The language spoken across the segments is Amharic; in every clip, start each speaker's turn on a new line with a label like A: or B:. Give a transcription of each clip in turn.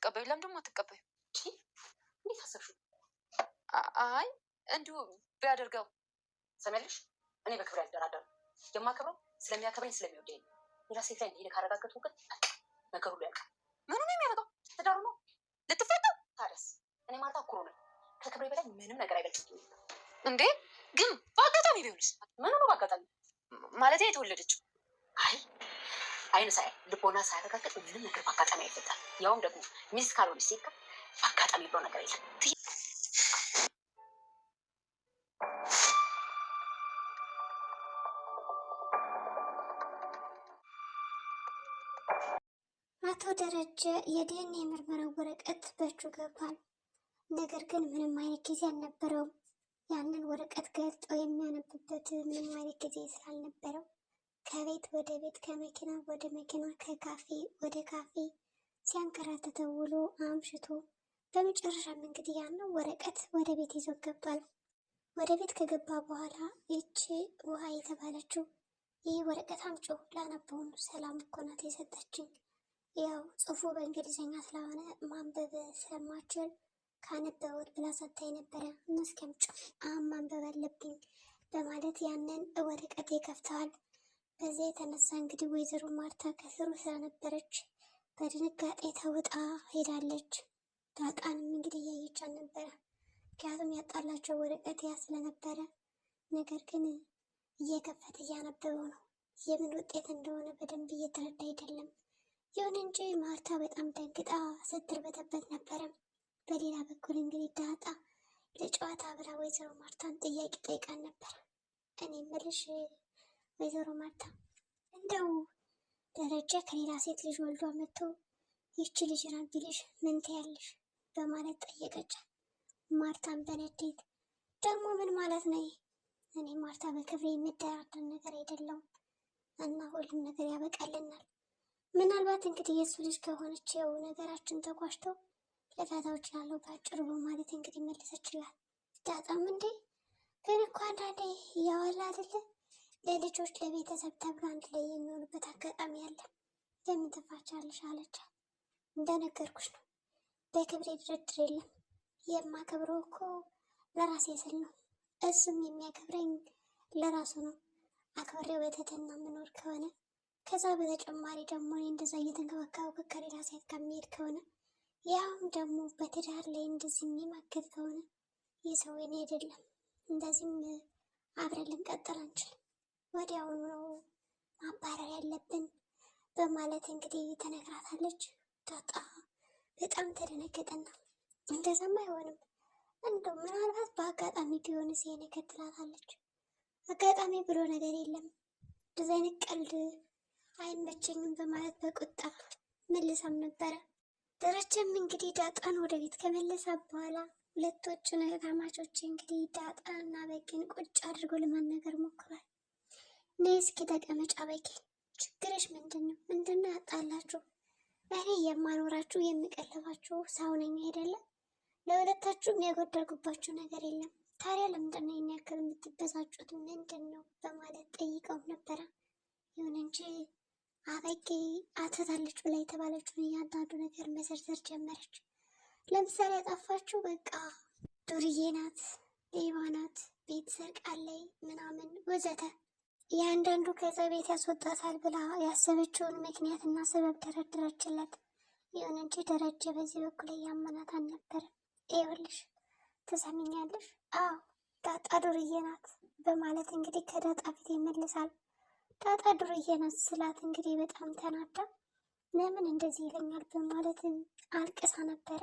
A: አትቀበዩ? ለምን ደግሞ አትቀበዩ? እንዴት አሰብሽው? አይ እንዲሁ ቢያደርገው
B: ሰመልሽ። እኔ በክብር አልደራደርም። የማከብረው ስለሚያከብረኝ ስለሚወደኝ ሌላ ሴት ላይ እንደሄደ ካረጋገጥኩ ግን ነገሩ ላይ
A: ምኑ ነው የሚያደርገው? ትዳሩ ነው ልትፈታ።
B: ታዲያስ እኔ ማለት አኩሮ ነው። ከክብሬ በላይ ምንም ነገር አይበልጥም።
A: እንዴ ግን በአጋጣሚ ቢሆንስ? ምኑ ነው በአጋጣሚ ማለት የተወለደችው?
B: አይ አይን ሳይ ልቦና ሳያረጋግጥ ምንም ነገር በአጋጣሚ አይፈታል። ያውም ደግሞ ሚስት ካልሆነ ሴካ በአጋጣሚ ብሎ ነገር የለም።
C: አቶ ደረጀ የዲኤንኤ የምርመራ ወረቀት በእጁ ገብቷል። ነገር ግን ምንም አይነት ጊዜ አልነበረውም። ያንን ወረቀት ገልጦ የሚያነብበት ምንም አይነት ጊዜ ስላልነበረው ከቤት ወደ ቤት፣ ከመኪና ወደ መኪና፣ ከካፌ ወደ ካፌ ሲያንከራተተው ውሎ አምሽቶ በመጨረሻም እንግዲህ ያለው ወረቀት ወደ ቤት ይዞ ገባል። ወደ ቤት ከገባ በኋላ ይቺ ውሃ የተባለችው ይህ ወረቀት አምጮ ላነበውን ሰላም እኮ ናት የሰጠችኝ። ያው ጽሑፉ በእንግሊዝኛ ስለሆነ ማንበብ ስለማችል ካነበበው ብላ ሰጥታኝ ነበረ። መስከምጮ አሁን ማንበብ አለብኝ በማለት ያንን ወረቀት ይከፍተዋል። በዚያ የተነሳ እንግዲህ ወይዘሮ ማርታ ከስሩ ስለነበረች በድንጋጤ ተውጣ ሄዳለች። ዳጣንም እንግዲህ እያየቻት ነበረ። ምክንያቱም ያጣላቸው ወረቀት ያ ስለነበረ፣ ነገር ግን እየከፈተ እያነበበው ነው። የምን ውጤት እንደሆነ በደንብ እየተረዳ አይደለም። ይሁን እንጂ ማርታ በጣም ደንግጣ ስትርበተበት ነበረ። በሌላ በኩል እንግዲህ ዳጣ ለጨዋታ አብራ ወይዘሮ ማርታን ጥያቄ ጠይቃን ነበር። እኔ ምልሽ ወይዘሮ ማርታ እንደው ደረጀ ከሌላ ሴት ልጅ ወልዶ መጥቶ ይቺ ልጅ ናት ቢልሽ ምን ትያለሽ? በማለት ጠየቀቻት። ማርታን በነዴት ደግሞ ምን ማለት ነው? እኔ ማርታ በክብሬ የምደራደር ነገር አይደለም እና ሁሉም ነገር ያበቃልናል። ምናልባት እንግዲህ የእሱ ልጅ ከሆነች የው ነገራችን ተጓሽተው ልፈታው እችላለሁ በአጭሩ በማለት እንግዲህ መለሰችላት። ዳጣም እንዴ ግን እኮ አንዳንዴ እያወራ አይደለም ለልጆች ለቤተሰብ ተብሎ አንድ ላይ የሚሆኑበት አጋጣሚ አለ። ለምን ትፋቻለሽ አለቻት። እንደነገርኩሽ ነው፣ በክብሬ ድርድር የለም። የማከብረው እኮ ለራሴ ስል ነው፣ እሱም የሚያከብረኝ ለራሱ ነው። አክብሬው በትህትና የምኖር ከሆነ ከዛ በተጨማሪ ደግሞ እንደዛ እየተንከባከበ ከሌላ ሴት ከሚሄድ ከሆነ ያውም ደግሞ በትዳር ላይ እንደዚህ የሚማገድ ከሆነ የሰው አይደለም። እንደዚህም አብረን ልንቀጥል አንችልም። ወዲያውኑ ነው ማባረር ያለብን በማለት እንግዲህ ተነግራታለች። ዳጣ በጣም ተደነገጠና እንደዛም አይሆንም እንደው ምናልባት በአጋጣሚ ቢሆን ሲ ነገር ትላታለች። አጋጣሚ ብሎ ነገር የለም እንደዚህ አይነት ቀልድ አይመቸኝም በማለት በቁጣ መልሳም ነበረ። ደረጀም እንግዲህ ዳጣን ወደ ቤት ከመለሳ በኋላ ሁለቶቹን እህትማማቾች እንግዲህ ዳጣ እና በቂን ቁጭ አድርጎ ለማናገር ሞክሯል። ነይ እስኪ ተቀመጫ በቂ ችግርሽ ምንድን ነው? ምንድን ነው ያጣላችሁ? እኔ የማኖራችሁ የሚቀልባችሁ ሰው ነኝ አይደለም? ለሁለታችሁም የጎደልኩባችሁ ነገር የለም። ታዲያ ለምንድን ነው ይህን ያክል የምትበሳጩት? ምንድን ነው በማለት ጠይቀው ነበረ። ይሁን እንጂ አበቂ አትታለች ብላ የተባለችውን እያንዳንዱ ነገር መዘርዘር ጀመረች። ለምሳሌ ያጠፋችሁ በቃ ዱርዬ ናት፣ ሌባ ናት፣ ቤት ሰርቃለይ ምናምን ወዘተ እያንዳንዱ ከዛ ቤት ያስወጣታል ብላ ያሰበችውን ምክንያት እና ሰበብ ደረደረችለት። ይሁን እንጂ ደረጀ በዚህ በኩል እያመናት አልነበረም። ይኸውልሽ ትሰሚኛለሽ? አዎ ዳጣ ዱርዬ ናት በማለት እንግዲህ ከዳጣ ፊት ይመልሳል። ዳጣ ዱርዬ ናት ስላት እንግዲህ በጣም ተናዳ ለምን እንደዚህ ይለኛል በማለት አልቅሳ ነበረ።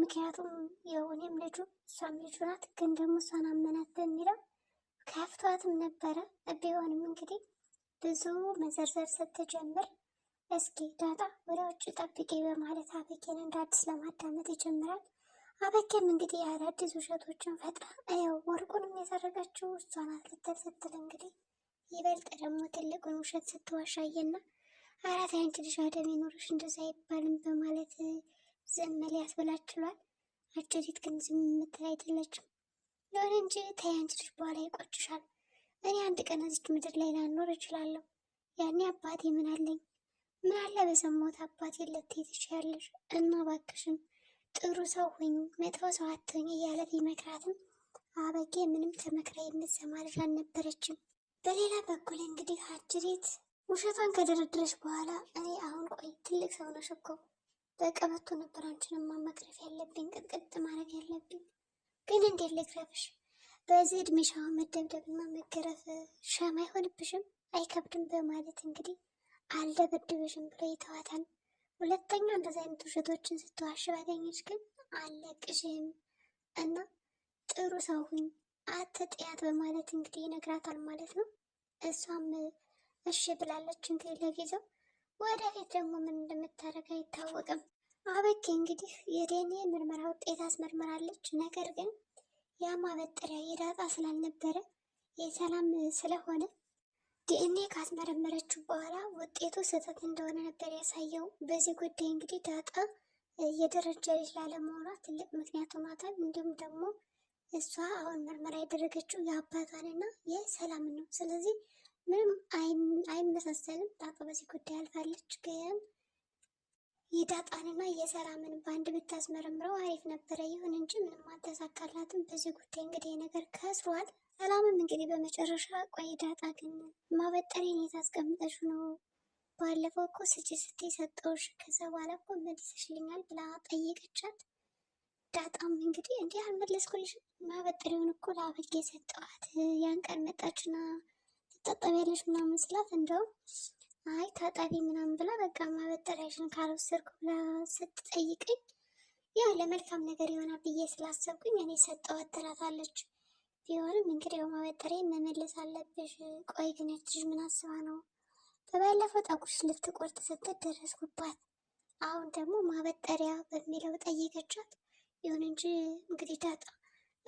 C: ምክንያቱም ያው ልጁ እሷም ልጁ ናት፣ ግን ደግሞ እሷን አመናት በሚለው ከፍቷትም ነበረ። ቢሆንም እንግዲህ ብዙ መዘርዘር ስትጀምር እስኪ ዳጣ ወደ ውጭ ጠብቄ በማለት አበኬን እንደ አዲስ ለማዳመጥ ይጀምራል። አበኬም እንግዲህ የአዳዲስ ውሸቶችን ፈጥራ ያው ወርቁንም የሰረቀችው እሷ ናት ልትል ስትል እንግዲህ ይበልጥ ደግሞ ትልቁን ውሸት ስትዋሻየና አራት አይነት ልጅ አደም ይኖርሽ እንደዛ አይባልም በማለት ዝም ሊያስብላችሏል። አጭሪት ግን ዝም የምትል አይደለችም። ይሁን እንጂ ተያንቺ በኋላ ይቆጭሻል። እኔ አንድ ቀን እዚች ምድር ላይ ላኖር እችላለሁ። ያኔ አባቴ ምን አለኝ? ምን አለ በሰማሁት አባቴ ልትይ ትችያለሽ እና እባክሽን ጥሩ ሰው ሁኝ፣ መጥፎ ሰው አትሁኝ እያለ ቢመክራትም አበጌ ምንም ተመክራ የምትሰማ ልጅ አልነበረችም። በሌላ በኩል እንግዲህ አጅሬት ውሸቷን ከደረደረች በኋላ እኔ አሁን ቆይ ትልቅ ሰው ነሽ እኮ በቀበቶ ነበር አንቺን ማመክረፍ ያለብኝ ቅጥቅጥ ማድረግ ያለብኝ ግን እንዴት ልግረፍሽ? በዚህ እድሜሽ መደብደብና መገረፍ ሸም አይሆንብሽም? አይከብድም? በማለት እንግዲህ አልደበድብሽም ብሎ ይተዋታል። ሁለተኛ እንደዚህ አይነት ውሸቶችን ስትዋሽ ባገኘች ግን አለቅሽም እና ጥሩ ሰው ሁኝ አትጥያት በማለት እንግዲህ ይነግራታል ማለት ነው። እሷም እሺ ብላለች እንግዲህ ለጊዜው ወደፊት ደግሞ ምን እንደምታደርግ አይታወቅም። አበኬ እንግዲህ የዲኤንኤ ምርመራ ውጤት አስመርምራለች። ነገር ግን ያ ማበጠሪያ የዳጣ ስላልነበረ የሰላም ስለሆነ ዲኤንኤ ካስመረመረችው በኋላ ውጤቱ ስህተት እንደሆነ ነበር ያሳየው። በዚህ ጉዳይ እንግዲህ ዳጣ የደረጀ ልጅ ላለመሆኗ ትልቅ ምክንያት ሆኗታል። እንዲሁም ደግሞ እሷ አሁን ምርመራ ያደረገችው የአባቷንና የሰላምን ነው። ስለዚህ ምንም አይመሳሰልም። ዳጣ በዚህ ጉዳይ አልፋለች ግን የዳጣንና የሰላምን ባንድ ብታስመረምረው አሪፍ ነበረ። ይሁን እንጂ ምንም አልተሳካላትም። በዚህ ጉዳይ እንግዲህ ነገር ከስሯል። ሰላምም እንግዲህ በመጨረሻ ቆይ ዳጣ ግን ማበጠሬን የት አስቀምጠሽ ነው? ባለፈው እኮ ስጭ ስትይ ሰጠሁሽ፣ ከዛ በኋላ እኮ መልሰሽልኛል ብላ ጠየቀቻት። ዳጣም እንግዲህ እንዲህ አልመለስኩልሽ ማበጠሬውን እኮ ለአበጌ ሰጠዋት ያን ቀን መጣችና ትታጠቢያለሽ ምናምን ስላት እንደውም አይ ታጣቢ ምናምን ብላ በቃ ማበጠሪያሽን ካልወሰድኩ ብላ ስትጠይቀኝ ያው ለመልካም ነገር ይሆናል ብዬ ስላሰብኩኝ እኔ ሰጠኋት ትላታለች። ቢሆንም እንግዲህ ያው ማበጠሪያ መመለስ አለብሽ። ቆይ ግን እህትሽ ምን አስባ ነው? በባለፈው ጠጉርሽ ልትቆርጥ ስትል ደረስኩባት። አሁን ደግሞ ማበጠሪያ በሚለው ጠየቀቻት። ይሁን እንጂ እንግዲህ ዳጣ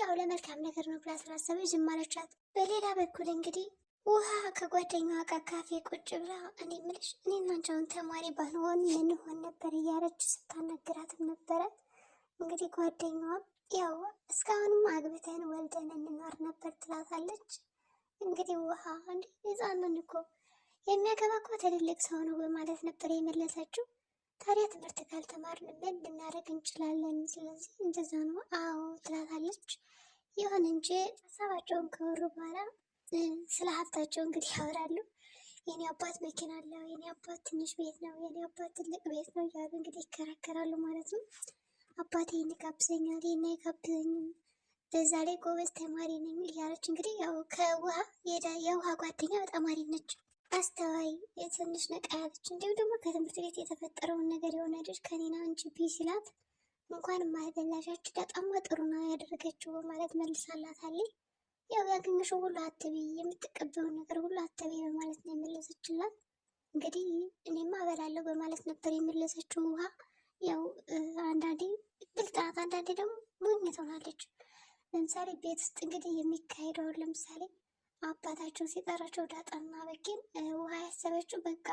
C: ያው ለመልካም ነገር ነው ብላ ስላሰበች ዝም አለቻት። በሌላ በኩል እንግዲህ ውሃ ከጓደኛዋ ጋር ካፌ ቁጭ ብላ እኔ ምልሽ እኔ እናንቸውን ተማሪ ባልሆን ምንሆን ነበር እያለች ስታነግራትም ነበረ። እንግዲህ ጓደኛዋም ያው እስካሁንም አግብተን ወልደን እንኖር ነበር ትላታለች። እንግዲህ ውሃ እንዲ ህፃንን እኮ የሚያገባ እኮ ትልልቅ ሰው ነው በማለት ነበር የመለሰችው። ታዲያ ትምህርት ካልተማርን ምን ልናደርግ እንችላለን? ስለዚህ እንደዛ ነው አዎ ትላታለች። ይሁን እንጂ ሀሳባቸውን ከወሩ በኋላ ስለ ሀብታቸው እንግዲህ ያወራሉ። የኔ አባት መኪና አለው፣ የኔ አባት ትንሽ ቤት ነው፣ የኔ አባት ትልቅ ቤት ነው እያሉ እንግዲህ ይከራከራሉ ማለት ነው። አባት ይህን ጋብዘኛል፣ ይህን አይጋብዘኝም፣ በዛ ላይ ጎበዝ ተማሪ ነኝ እያለች እንግዲህ ያው ከውሃ የውሃ ጓደኛ በጣም አሪፍ ነች፣ አስተዋይ፣ የትንሽ ነቃ ያለች እንዲሁም ደግሞ ከትምህርት ቤት የተፈጠረውን ነገር የሆነ ልጅ ከኔና አንቺ ቢ ሲላት እንኳን ማይበላሻችሁ በጣም ጥሩ ነው ያደረገችው በማለት መልሳላታለች። ያው ያገኘሽው ሁሉ አትቤ የምትቀበውን ነገር ሁሉ አትቤ በማለት ነው የመለሰችላት። እንግዲህ እኔማ እበላለሁ በማለት ነበር የመለሰችው። ውሃ ያው አንዳንዴ ብልጣት፣ አንዳንዴ ደግሞ ሞኝ ትሆናለች። ለምሳሌ ቤት ውስጥ እንግዲህ የሚካሄደውን ለምሳሌ አባታቸው ሲጠራቸው ዳጣና በጌን ውሃ ያሰበችው በቃ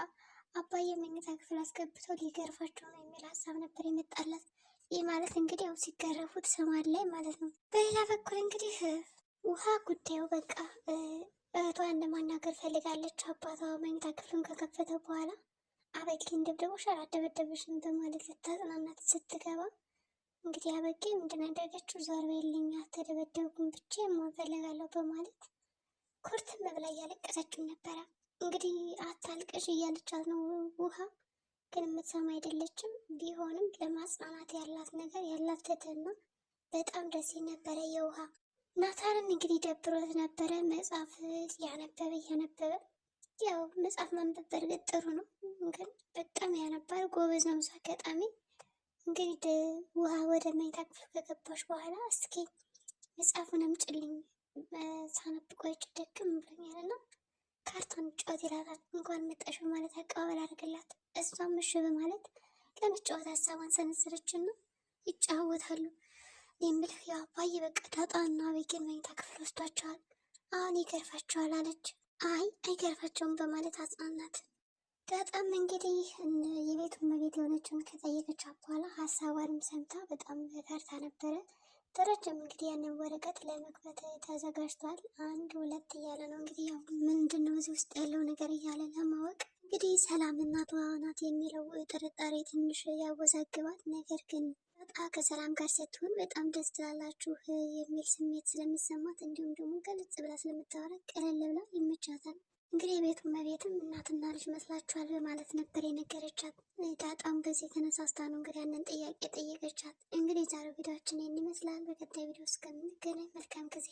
C: አባዬ መኝታ ክፍል አስገብተው ሊገርፋቸው ነው የሚል ሀሳብ ነበር የመጣላት። ይህ ማለት እንግዲህ ያው ሰማን ላይ ማለት ነው። በሌላ በኩል እንግዲህ ውሃ ጉዳዩ በቃ እህቷን ለማናገር ፈልጋለች። አባቷ መኝታ ክፍሉን ከከፈተ በኋላ አበጌን ደብድቦሽ አላደበደበሽም በማለት ልታጽናናት ስትገባ እንግዲህ አበጌ ምንድን ያደረገችው ዞር በይልኝ አልተደበደብኩም ብቻ የማንፈልጋለሁ በማለት ኮርትም መብላ እያለቀሰችው ነበረ። እንግዲህ አታልቅሽ እያለቻት ነው ውሃ ግን የምትሰማ አይደለችም። ቢሆንም ለማጽናናት ያላት ነገር ያላት ትህትና በጣም ደስ ነበረ የውሃ ናታንም እንግዲህ ደብሮት ነበረ። መጽሐፍ እያነበበ እያነበበ ያው መጽሐፍ ማንበብ በእርግጥ ጥሩ ነው፣ ግን በጣም ያነባል፣ ጎበዝ ነው። አጋጣሚ እንግዲህ ውሃ ወደ መኝታ ክፍል ከገባሽ በኋላ እስኪ መጽሐፉን አምጪልኝ ሳነብ ቆይቼ ደክም ብሎኛልና ካርታን ጨዋት ይላታል። እንኳን መጣሽ በማለት አቀባበል አድርግላት። እሷም እሺ በማለት ለመጫወት ሀሳቧን ሰነዘረችና ይጫወታሉ። የምልህ የአባዬ በቃ ዳጣና ቤኪን መኝታ ክፍል ወስዷቸዋል። አሁን ይገርፋቸዋል አለች። አይ አይገርፋቸውም በማለት አጽናናት። ዳጣም እንግዲህ የቤቱ እመቤት የሆነችውን ከጠየቀች በኋላ ሀሳቧንም ሰምታ በጣም ፈርታ ነበረ። ደረጀም እንግዲህ ያንን ወረቀት ለመክፈት ተዘጋጅቷል። አንድ ሁለት እያለ ነው እንግዲህ ያው ምንድን ነው እዚህ ውስጥ ያለው ነገር እያለ ለማወቅ እንግዲህ ሰላም እናቷ ናት የሚለው ጥርጣሬ ትንሽ ያወዛግባል። ነገር ግን ወጣ ከሰላም ጋር ስትሆን በጣም ደስ ትላላችሁ የሚል ስሜት ስለሚሰማት እንዲሁም ደግሞ ገልጽ ብላ ስለምታወራ ቀለል ብላ ይመቻታል። እንግዲህ የቤቱ መቤትም እናትና ልጅ መስላችኋል በማለት ነበር የነገረቻት። ዳጣም በዚህ የተነሳስታ ነው እንግዲህ ያንን ጥያቄ ጠየቀቻት። እንግዲህ ዛሬው ቪዲዮችን ይህን ይመስላል። በቀጣይ ቪዲዮ እስከምንገናኝ መልካም ጊዜ